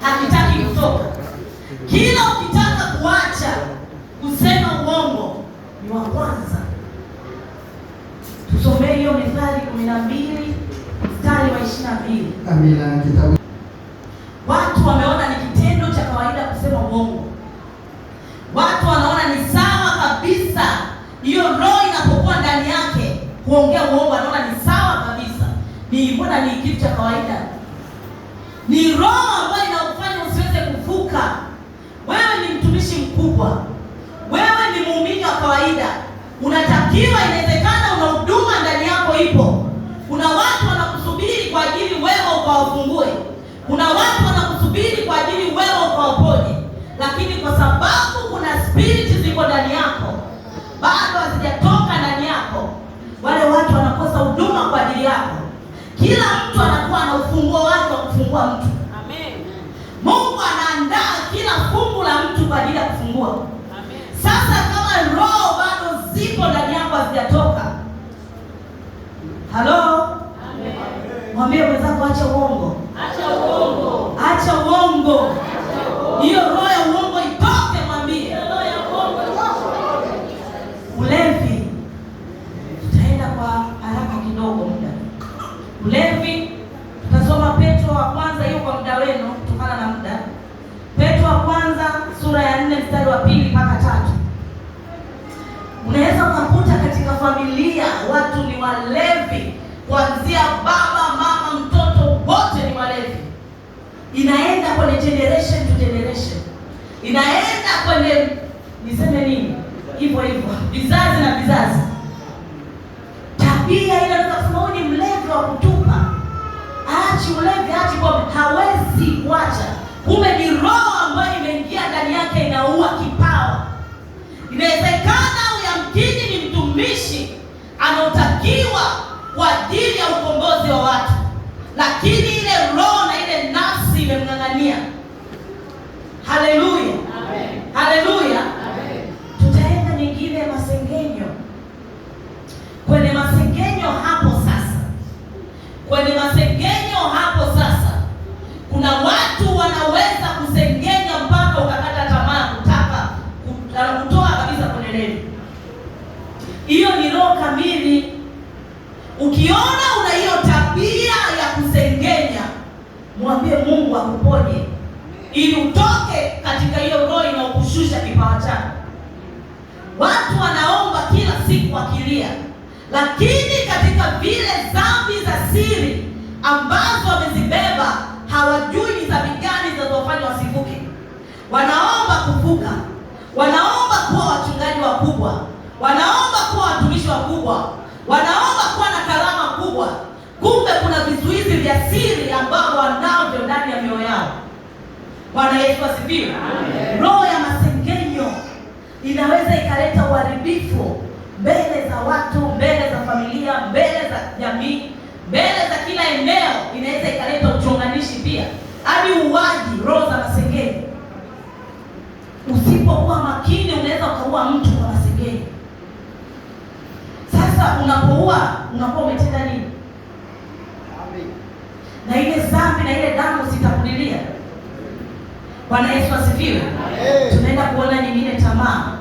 hakitaki kutoka. Kila ukitaka kuacha kusema uongo ni wa kwanza. Tusomee hiyo Mithali kumi na mbili mstari wa ishirini na mbili. Amina. Kitabu watu wameona ni kitendo cha kawaida kusema uongo, watu wanaona ni sawa kabisa. Hiyo roho inapokuwa ndani yake kuongea uongo, anaona ni sawa kabisa, ni mbona ni kitu cha kawaida, ni roho ambayo kuvuka. wewe ni mtumishi mkubwa, wewe ni muumini wa kawaida, unatakiwa, inawezekana una huduma ndani yako ipo, kuna watu wanakusubiri kwa ajili wewe ukawafungue, kuna watu wanakusubiri kwa ajili wewe ukawaponye, lakini kwa sababu kuna spiriti ziko ndani yako bado hazijatoka ndani yako, wale watu wanakosa huduma kwa ajili yako. Kila mtu ana kwa ajili ya kufungua. Amen. Sasa kama roho bado zipo ndani yako hazijatoka, halo, mwambie mwenzako, acha uongo, acha uongo, acha uongo, hiyo roho ya uongo wa pili mpaka tatu. Unaweza ukakuta katika familia watu ni walevi, kuanzia baba, mama, mtoto wote ni walevi. Inaenda kwenye generation to generation, inaenda kwenye niseme nini, hivyo hivyo, vizazi na vizazi. Tabia ile kusema ni mlevi wa kutupa, aachi ulevi, aachi kwa hawezi kuacha kumbe ajili ya ukombozi wa watu, lakini ile roho na ile nafsi imemng'ang'ania. Haleluya, haleluya. Tutaenda nyingine masengenyo. Kwenye masengenyo hapo sasa, kwenye masengenyo hapo sasa, kuna watu wanaweza kusengenya mpaka ukakata tamaa, kutaka kutoa kabisa kwenye neno. Hiyo ni roho kamili Ukiona una hiyo tabia ya kusengenya, mwambie Mungu akuponye ili utoke katika hiyo roho inayokushusha kipawa chako. Watu wanaomba kila siku wakilia, lakini katika vile dhambi za siri ambazo wamezibeba hawajui ni dhambi gani zinazofanya wasivuke. Wanaomba kuvuka, wanaomba kuwa wachungaji wakubwa, wanaomba kuwa watumishi wakubwa, wanaomba kuwa Kumbe kuna vizuizi vya siri ambao wanavyo ndani ya mioyo yao. Bwana Yesu asifiwe. Roho ya masengenyo inaweza ikaleta uharibifu mbele za watu, mbele za familia, mbele za jamii, mbele za kila eneo. Inaweza ikaleta uchonganishi pia hadi uwaji, roho za masengenyo. Usipokuwa makini, unaweza ukaua mtu kwa masengenyo. Sasa unapoua unakuwa umetenda nini? na ile dhambi na ile damu zitakulilia Bwana Yesu asifiwe. Tunaenda kuona nyingine tamaa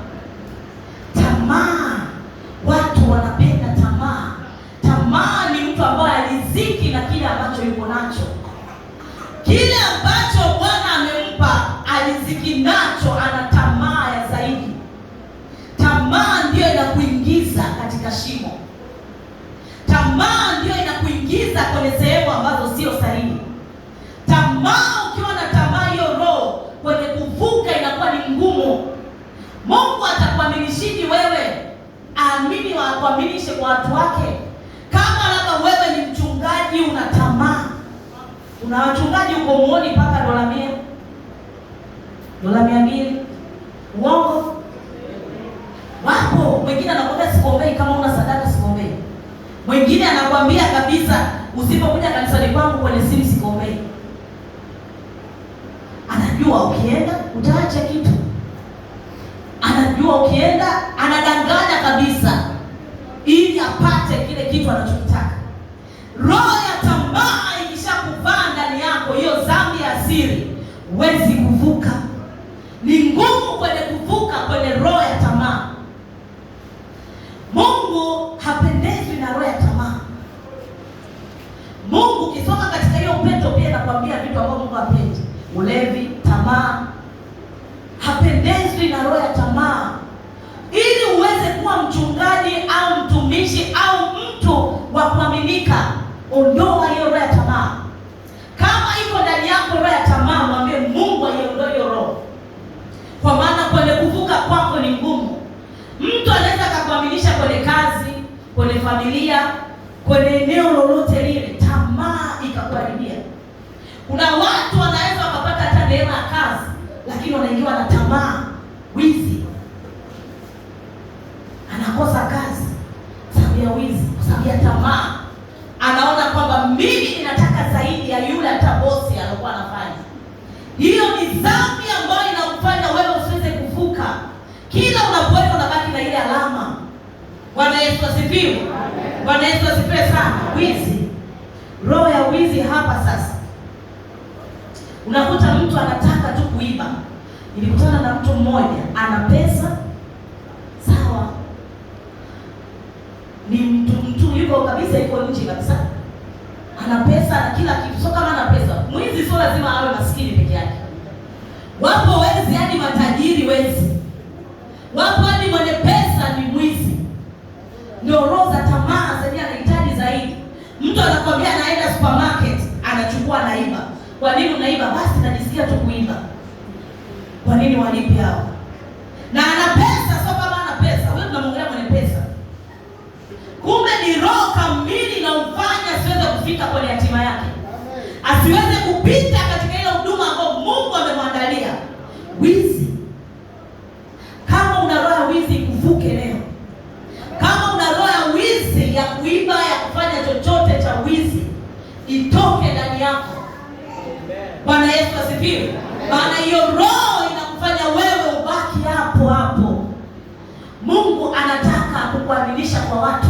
Mungu atakuaminishiji wewe, aamini akuaminishe kwa watu wake. Kama labda wewe ni mchungaji, una tamaa, una wachungaji uko muoni mpaka dola mia dola mia mbili uongo wapo. Mwingine anakwambia sikombei, kama una sadaka sikombei. Mwingine anakwambia kabisa, usipokuja kanisani kwangu kwenye simu sikombei. Anajua ukienda utaacha kitu unajua ukienda anadanganya kabisa, ili apate kile kitu anachotaka. Roho ya tamaa ikishakuvaa ndani yako, hiyo dhambi ya asili, huwezi kuvuka. Ni ngumu kwenye kuvuka kwenye roho ya tamaa. Mungu hapendezwi na roho ya tamaa. Mungu ukisoma katika hiyo upendo pia anakuambia vitu ambavyo Mungu hapendi: ulevi, tamaa hapendezwi na roho ya tamaa. Ili uweze kuwa mchungaji au mtumishi au mtu wa kuaminika, ondoa hiyo roho ya tamaa. Kama iko ndani yako roho ya tamaa, mwambie Mungu aiondoe hiyo roho, kwa maana kwenye kuvuka kwako ni ngumu. Mtu anaweza akakuaminisha kwenye kazi, kwenye familia, kwenye eneo lolote lile, tamaa ikakuharibia. Kuna watu wanaweza wakapata hata neema ya kazi lakini wanaingiwa na tamaa, wizi, anakosa kazi sababu ya wizi, sababu ya tamaa. Anaona kwamba mimi ninataka zaidi ya yule hata bosi aliokuwa anafanya. Hiyo ni dhambi ambayo inakufanya wewe usiweze kuvuka. Kila unapoenda unabaki na ile alama. Bwana Yesu asifiwe. Bwana Yesu asifiwe sana. Wizi, roho ya wizi hapa sasa Unakuta mtu anataka tu kuiba. Nilikutana na mtu mmoja ana pesa sawa, ni mtu mtu yuko kabisa, yuko nje kabisa, ana pesa na kila kitu. So kama ana pesa, mwizi sio lazima awe maskini peke yake. Wapo wezi hadi yaani matajiri wezi, wapo hadi yaani mwenye pesa ni mwizi. Ndio roho za tamaa zenyewe anahitaji zaidi. Mtu anakwambia anaenda supermarket kwa nini unaiba? Basi najisikia tu kuiba. Kwa nini wanipi hao? Na ana pesa, sio kama ana pesa. Wewe tunamwongelea mwenye pesa, kumbe ni roho kamili na ufanya asiweze kufika kwenye hatima yake, asiweze kupita katika ile huduma ambayo Mungu amemwandalia. Wizi, kama una roho ya wizi kuvuke leo, kama una roho ya wizi ya kuiba, ya kufanya chochote cha wizi, itoke ndani yako. Bwana Yesu asifiwe. Maana hiyo roho inakufanya wewe ubaki hapo hapo. Mungu anataka kukuaminisha kwa watu.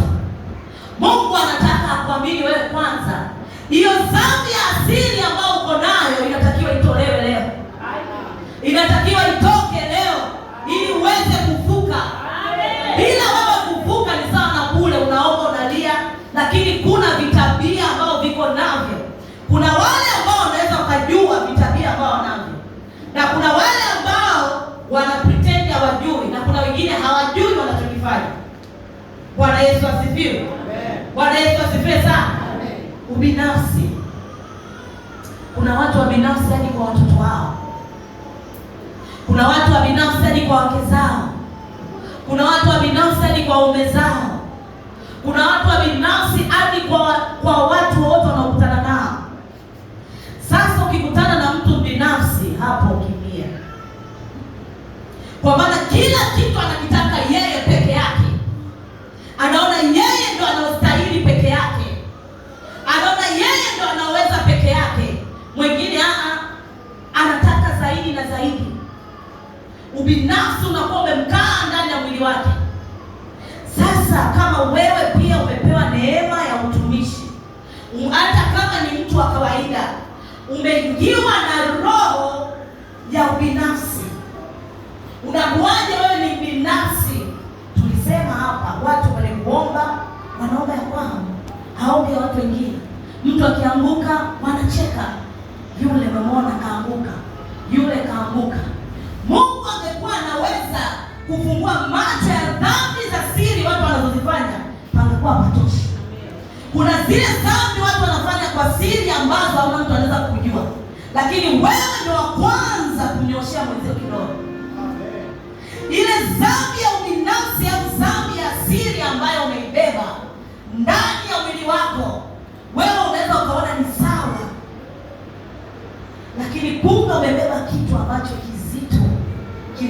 Mungu anataka akuamini wewe kwanza. Hiyo dhambi ya asili ya kuna watu wa binafsi hadi kwa watoto wao, kuna watu wa binafsi hadi kwa wake zao, kuna watu wa binafsi hadi kwa ume zao, kuna watu wa binafsi hadi kwa, kwa watu wote akianguka wanacheka, yule mamona kaanguka, yule kaanguka. Mungu angekuwa anaweza kufungua macho ya dhambi za siri watu wanazozifanya, pangekuwa patoshi. Kuna zile dhambi watu wanafanya kwa siri ambazo hamna mtu anaweza kujua, lakini wewe ndio wa kwanza kunyoshea mwenzio kidogo ile dhambi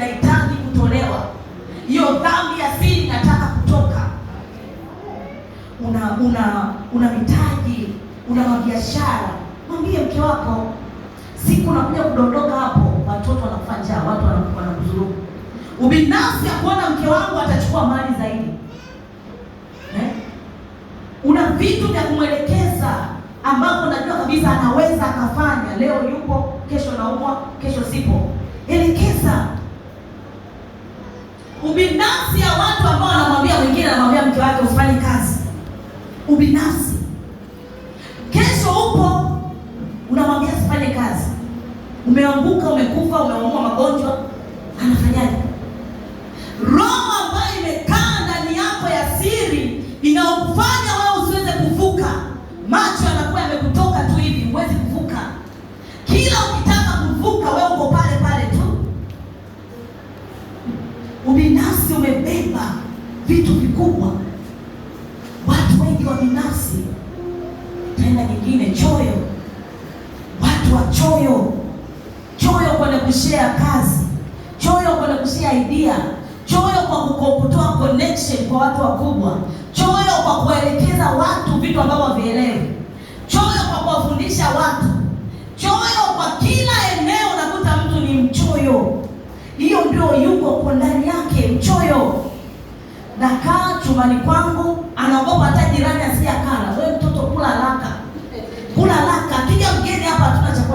inahitaji kutolewa, hiyo dhambi ya siri inataka kutoka. Una una una mitaji, una mabiashara, mwambie mke wako, siku nakuja kudondoka hapo, watoto wanakufa njaa, watu wanakuzuru. Ubinafsi ya kuona mke wangu atachukua mali zaidi eh? Una vitu vya kumwelekeza ambapo najua kabisa anaweza akafanya. Leo yupo, kesho naumwa, kesho sipo. Elekeza ubinafsi ya watu ambao wanamwambia mwingine, anamwambia mke wake usifanye kazi. Ubinafsi. Kesho upo unamwambia usifanye kazi, umeanguka, umekufa,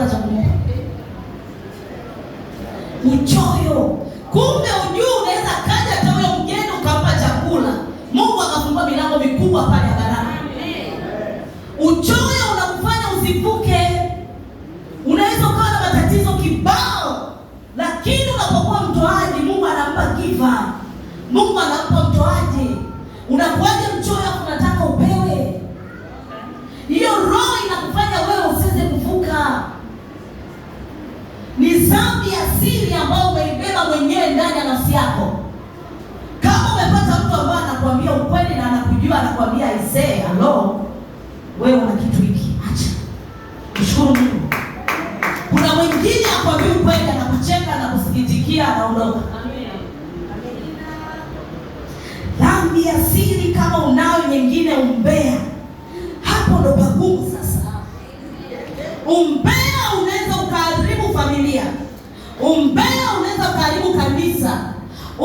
unazungumza ni Kumbe ujue unaweza kaja hata huyo mgeni ukampa chakula, Mungu akafungua milango mikubwa pale hadharani uchoyo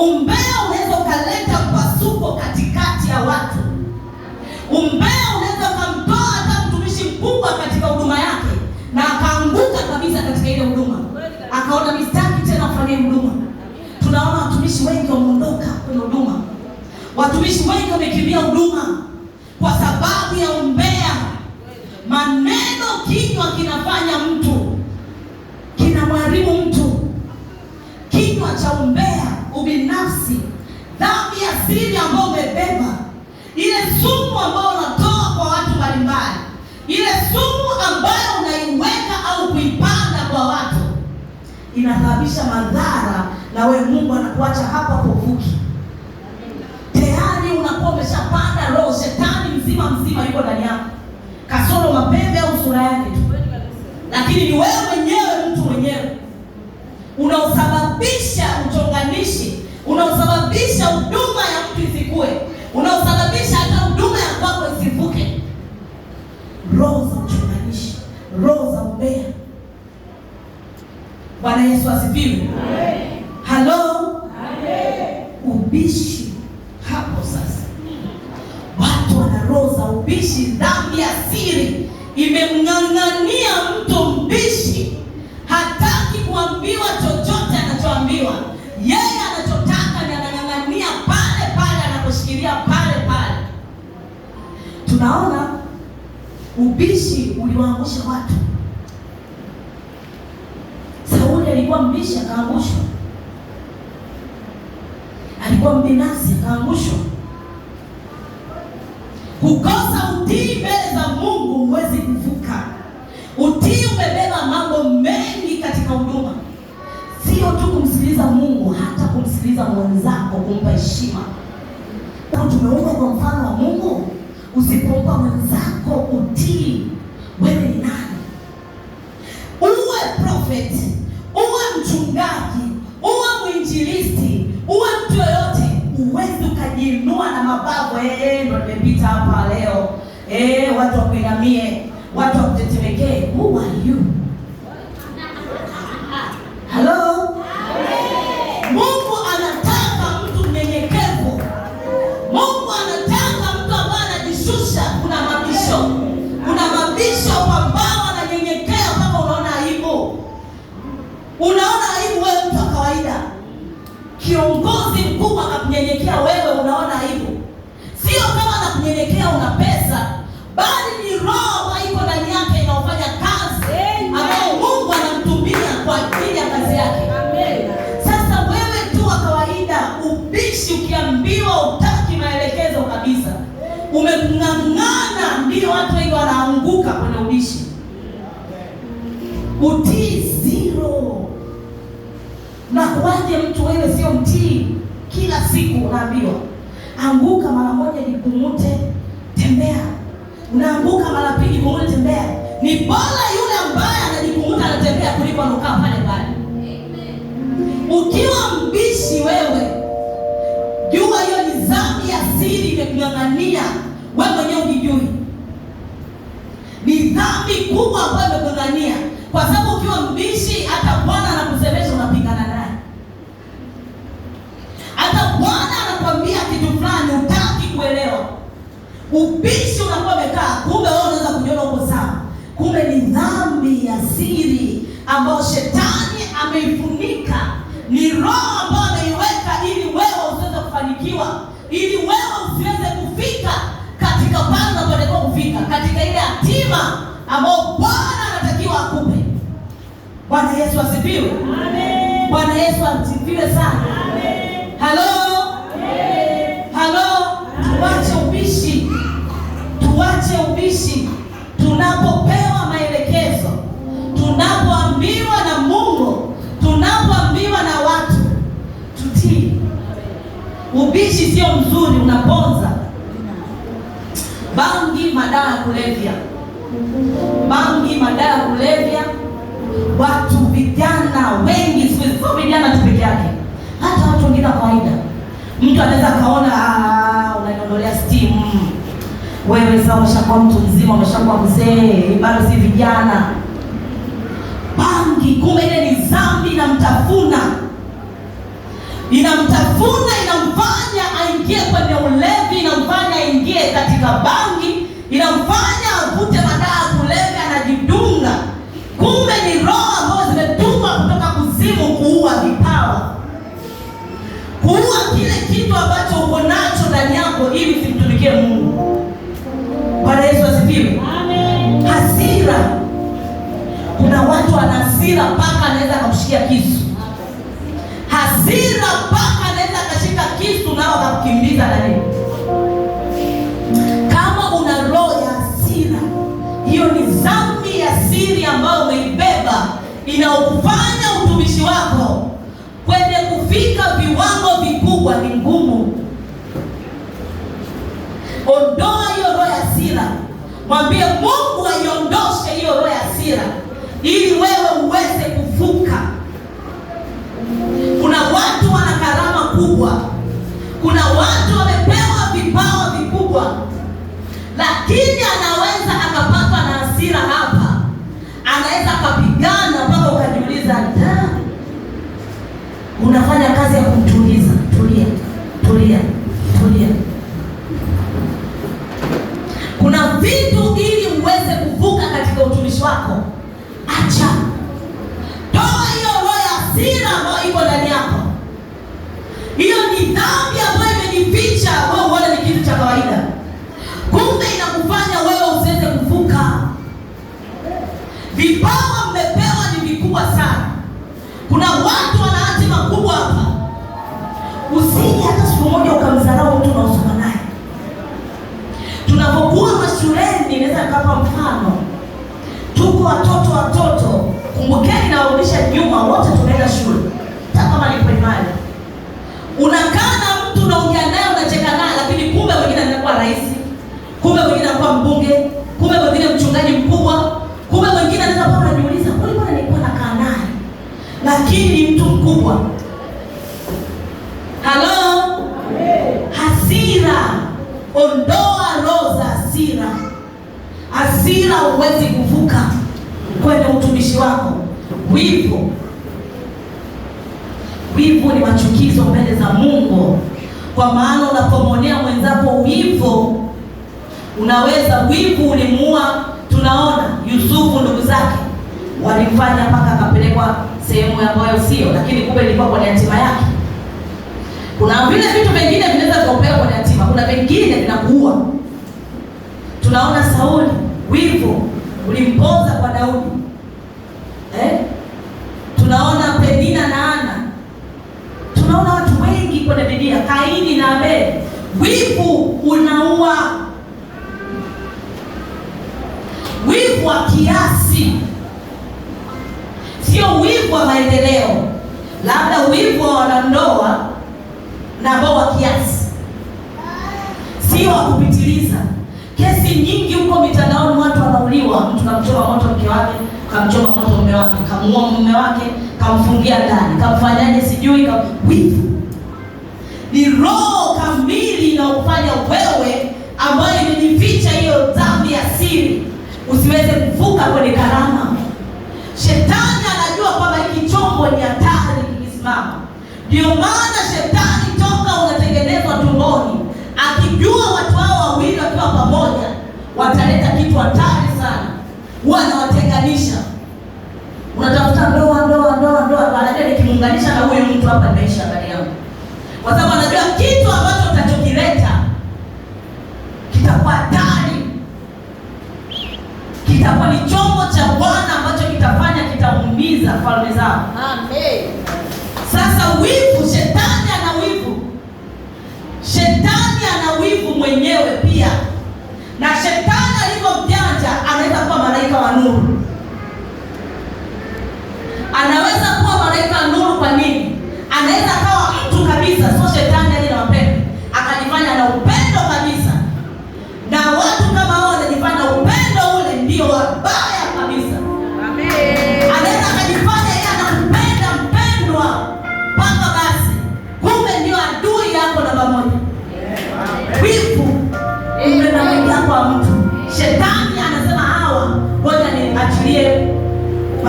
man. hakuvuki. Tayari unakuwa umeshapanda roho, shetani mzima mzima yuko ndani yako, kasoro mapembe au sura yake tu, lakini ni wewe mwenyewe, mtu mwenyewe unaosababisha uchonganishi, unaosababisha huduma ya mtu isikue, unaosababisha hata huduma ya kwako isivuke. Roho za uchonganishi, roho za umbea. Bwana Yesu asipiwe Halo. mbishi, dhambi ya siri imemng'ang'ania mtu mbishi, hataki kuambiwa chochote anachoambiwa yeye anachotaka ni anang'ang'ania pale pale anaposhikilia pale pale. Tunaona ubishi uliwaangusha watu. Sauli alikuwa mbishi akaangushwa, alikuwa mbinasi, akaangushwa. Kukosa utii mbele za Mungu huwezi kuvuka. Utii umebeba mambo mengi katika huduma, sio tu kumsikiliza Mungu, hata kumsikiliza mwenzako, kumpa heshima. Tumeumbwa kwa mfano wa Mungu. Usipompa mwenzako utii, wewe ni nani? Uwe profeti, uwe mchungaji, uwe mwinjilisti, uwe mtu huwezi ukajiinua na mabavu eh, eh, ndo nimepita hapa leo eh, watu wakuinamie, watu wakutetemekee. Who are you? mkubwa akakunyenyekea wewe, unaona aibu. Sio kama anakunyenyekea una pesa, bali ni roho ambayo iko ndani yake inaofanya kazi ambayo Mungu anamtumia kwa ajili ya kazi yake. Sasa wewe tu wa kawaida, ubishi, ukiambiwa utaki maelekezo kabisa, umeng'ang'ana, ndio watu wengi wanaanguka kwenye ubishi. Utii zero. Nakuwaje mtu wewe sio mtii? siku unaambiwa anguka mara moja, jipumute, tembea. Unaanguka mara pili, kumute tembea. Ni bora yule ambaye anajikumuta anatembea kuliko anakaa pale pale. Ukiwa mbishi wewe, jua hiyo ni ya siri imekung'ang'ania wewe mwenyewe ujijui Ni dhambi kubwa ambayo imekung'ang'ania, kwa sababu ukiwa mbishi hata Bwana anakusemesha Ubishi unakuwa umekaa, kumbe wewe unaweza kujiona uko sawa, kumbe ni dhambi ya siri ambayo shetani ameifunika, ni roho ambayo ameiweka ili wewe usiweze kufanikiwa, ili wewe usiweze kufika katika pale unapotakiwa kufika, katika ile hatima ambayo Bwana anatakiwa akupe. Bwana Yesu asifiwe. Amen. Bwana Yesu asifiwe sana. Amen. Halo. Halo. Amen tuache ubishi. Tunapopewa maelekezo, tunapoambiwa na Mungu, tunapoambiwa na watu, tutii. Ubishi sio mzuri, unaponza. Bangi, madawa ya kulevya, bangi, madawa ya kulevya. Watu vijana wengi siku hizi, sio vijana tu peke yake, hata watu wengine wa kawaida, mtu anaweza kaona ah, unainondolea stimu wewe sasa umeshakuwa mtu mzima, umeshakuwa mzee, bado si vijana. Bangi kumbe ile ni dhambi, inamtafuna, inamtafuna, inamfanya aingie kwenye ulevi, inamfanya aingie katika bangi, inamfanya avute madawa ya anajidunga. Kumbe ni roho ambazo zimetumwa kutoka kuzimu kuua vipawa, kuua kile kitu ambacho uko nacho ndani yako ili simtumikie Mungu. Bwana Yesu asifiwe. Amen. Hasira, kuna watu wana hasira mpaka anaweza akamshikia kisu. Hasira mpaka anaweza akashika kisu nao akamkimbiza na Kama una roho ya hasira, hiyo ni dhambi ya siri ambayo umeibeba inaokufanya utumishi wako kwenye kufika viwango vikubwa ni ngumu. Ondoa hiyo roho ya hasira, mwambie Mungu aiondoshe hiyo roho ya hasira ili wewe uweze kuvuka. Kuna watu wana karama kubwa, kuna watu wamepewa vipawa vikubwa, lakini anaweza akapatwa na hasira hapa, anaweza akapigana mpaka ukajiuliza, unafanya kazi ya yako, acha. Toa hiyo roho ya hasira ambayo iko ndani yako. Hiyo ni dhambi ambayo imejificha, ambayo huona ni kitu cha kawaida, kumbe inakufanya wewe usiweze kuvuka. Vipawa mmepewa ni vikubwa sana. Kuna watu wana hatima kubwa hapa, usije hata siku moja ukamdharau mtu unaosoma naye. Tunapokuwa mashuleni, inaweza nikapa mfano tupo watoto watoto, kumbukeni nawarudisha nyuma, wote tunaenda shule, hata kama ni primary. Unakaa na mtu unaongea naye, unacheka naye, lakini kumbe wengine anakuwa rais, kumbe wengine anakuwa mbunge, kumbe wengine mchungaji mkubwa, kumbe wengine anaweza kuwa anajiuliza kwani mbona nilikuwa nakaa naye, lakini ni mtu mkubwa. Halo, hasira, ondoa roho za hasira. Hasira huwezi kuvuka kwenye utumishi wako. Wivu, wivu ni machukizo mbele za Mungu, kwa maana unapomwonea mwenzako wivu unaweza wivu ulimuua. Tunaona Yusufu, ndugu zake walimfanya mpaka akapelekwa sehemu ambayo sio, lakini kumbe ilikuwa kwenye hatima yake. Kuna vile vitu vingine vinaweza kupeleka kwenye hatima, kuna vingine vinakuua. Tunaona Sauli, wivu ulimpoza kwa Daudi eh? Tunaona Penina na Ana, tunaona watu wengi kwenye Biblia, Kaini na Abel. Wivu unaua, wivu wa kiasi, sio wivu wa maendeleo, labda wivu wa wanandoa na ambao wa kiasi, sio wa kupitiliza Kesi nyingi huko mitandaoni, watu wanauliwa, mtu kamchoma moto mke wake, kamchoma moto mume wake, kamuua mume wake, kamfungia ndani, kamfanyaje sijui, kam wivu. Ni roho kamili inaokufanya wewe, ambayo imejificha hiyo dhambi ya siri, usiweze kuvuka kwenye karama. Shetani anajua kwamba hiki chombo ni hatari kikisimama, ndio maana shetani toka unatengenezwa tumboni akijua wakiwa pamoja wataleta kitu hatari sana, wanawatenganisha. Unatafuta ndoa, ndoa, ndoa, ndoa, baadaye nikimuunganisha na huyu mtu hapa, nimeisha habari yangu, kwa sababu anajua kitu ambacho utachokileta kitakuwa hatari, kitakuwa ni chombo cha Bwana ambacho kitafanya kitaumiza falme zao. Amen. Sasa wivu, shetani ana wivu, shetani ana wivu mwenyewe na shetani alivyo mjanja, anaweza kuwa malaika wa nuru, anaweza kuwa malaika wa nuru. Kwa nini? Anaweza kawa mtu kabisa, sio shetani ali na upendo, akajifanya na upendo kabisa na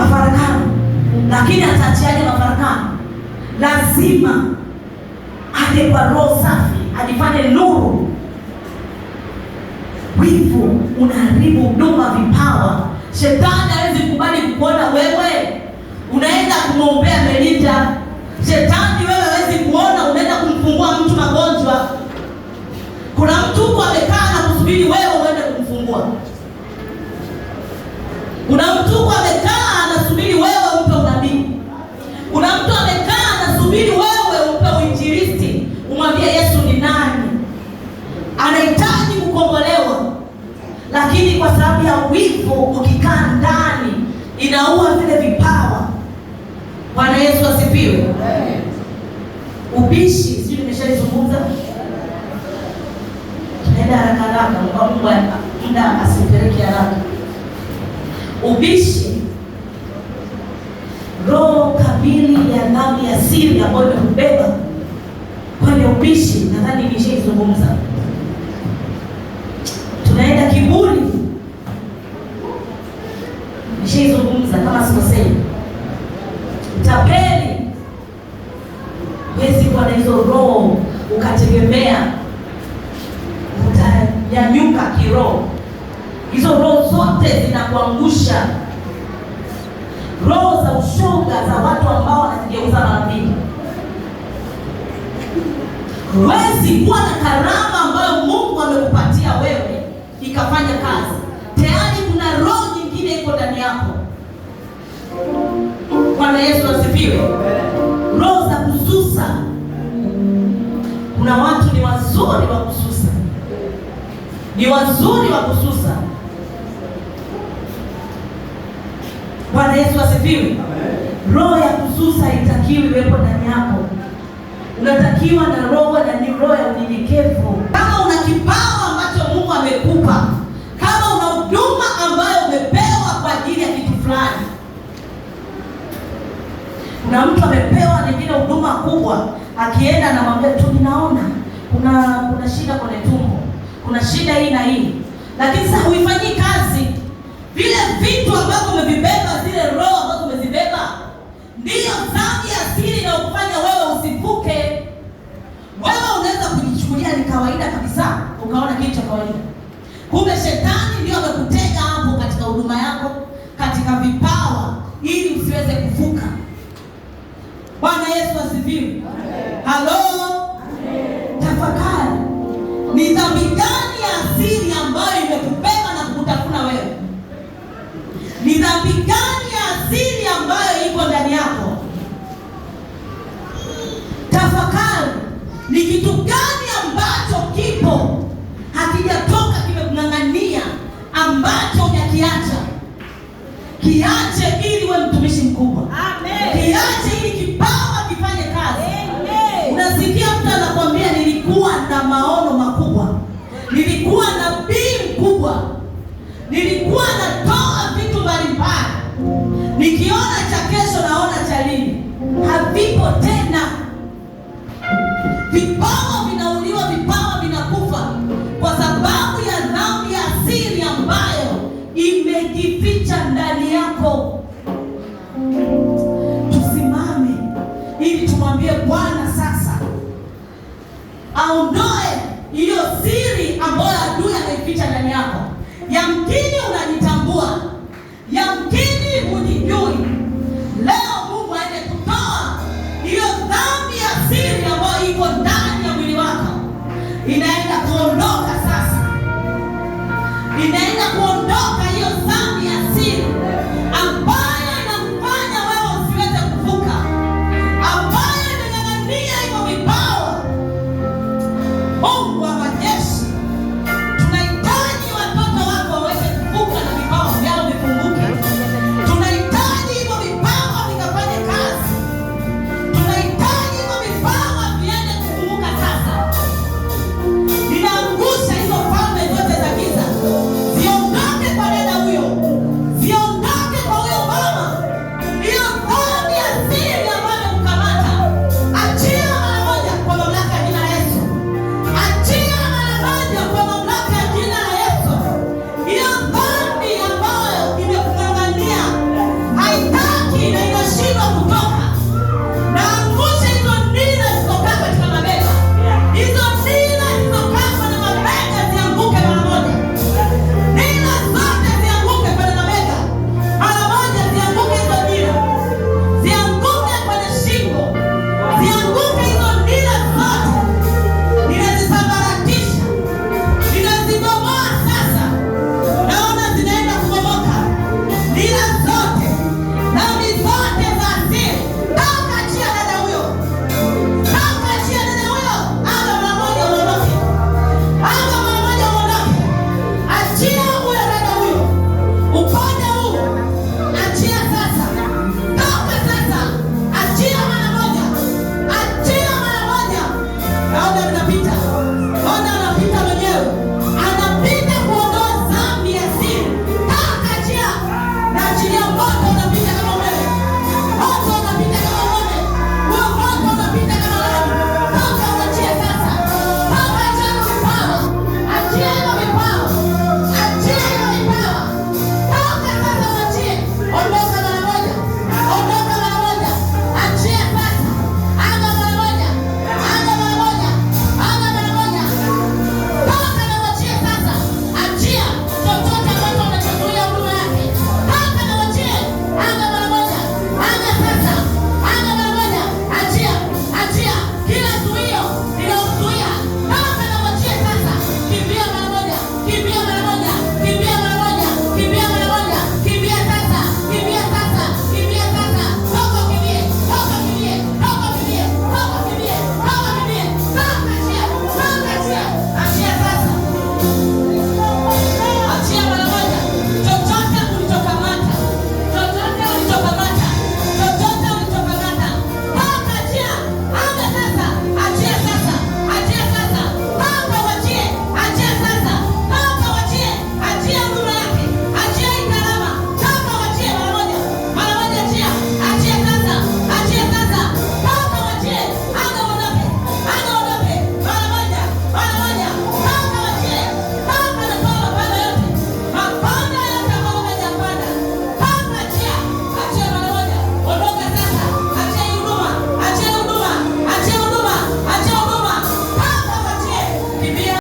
mafarakano, lakini atatiaje mafarakano? Lazima aje kwa roho safi, ajifanye nuru. Wivu unaharibu huduma, vipawa. Shetani hawezi kubali kukuona wewe unaenda kumwombea Melinda. Shetani wewe hawezi kuona unaenda kumfungua mtu magonjwa. Kuna mtu huko amekaa na kusubiri wewe uende kumfungua. Kuna mtu amekaa anasubiri wewe umpe unabii. Kuna mtu amekaa anasubiri wewe umpe uinjilisti, umwambie Yesu ni nani, anahitaji kukombolewa. Lakini kwa sababu ya wivu, ukikaa ndani inaua vile vipawa. Bwana Yesu asifiwe. Ubishi sijui nimeshalizungumza, tunaenda haraka haraka, Mungu asipeleke haraka ubishi, roho kabili ya dhambi ya siri ambayo imekubeba kwenye ubishi. Nadhani nishaizungumza inatakiwa iwepo ndani yako, unatakiwa na roho na ni roho ya unyenyekevu. Kama una kipawa ambacho Mungu amekupa, kama una huduma ambayo umepewa kwa ajili ya kitu fulani, kuna mtu amepewa nyingine huduma kubwa, akienda anamwambia tu, ninaona kuna kuna shida kwenye tumbo, kuna shida hii na hii, lakini sasa huifanyii kazi vile vitu ambavyo umevibeba kawaida kabisa, ukaona kitu cha kawaida. Kumbe shetani ndio amekutega hapo katika huduma yako, katika vipawa, ili usiweze kuvuka. Bwana Yesu asifiwe. Halo, tafakari, ni dhambi gani ya asili ambayo imekupema na kukutafuna wewe? Ni dhambi gani ya asili ambayo iko ndani yako? Tafakari, ni kitu gani kipo hakijatoka, kimekung'ang'ania ambacho ujakiacha. Kiache ili uwe mtumishi mkubwa. Kiache ili kipawa kifanye kazi. Amen. Unasikia mtu anakwambia nilikuwa na maono makubwa, nilikuwa na bii mkubwa, nilikuwa natoa vitu mbalimbali, nikiona cha kesho naona cha lini, havipo tena. unajificha ndani yako. Tusimame ili tumwambie Bwana sasa aondoe hiyo siri ambayo adui ameficha ndani yako. Yamkini unajitambua, yamkini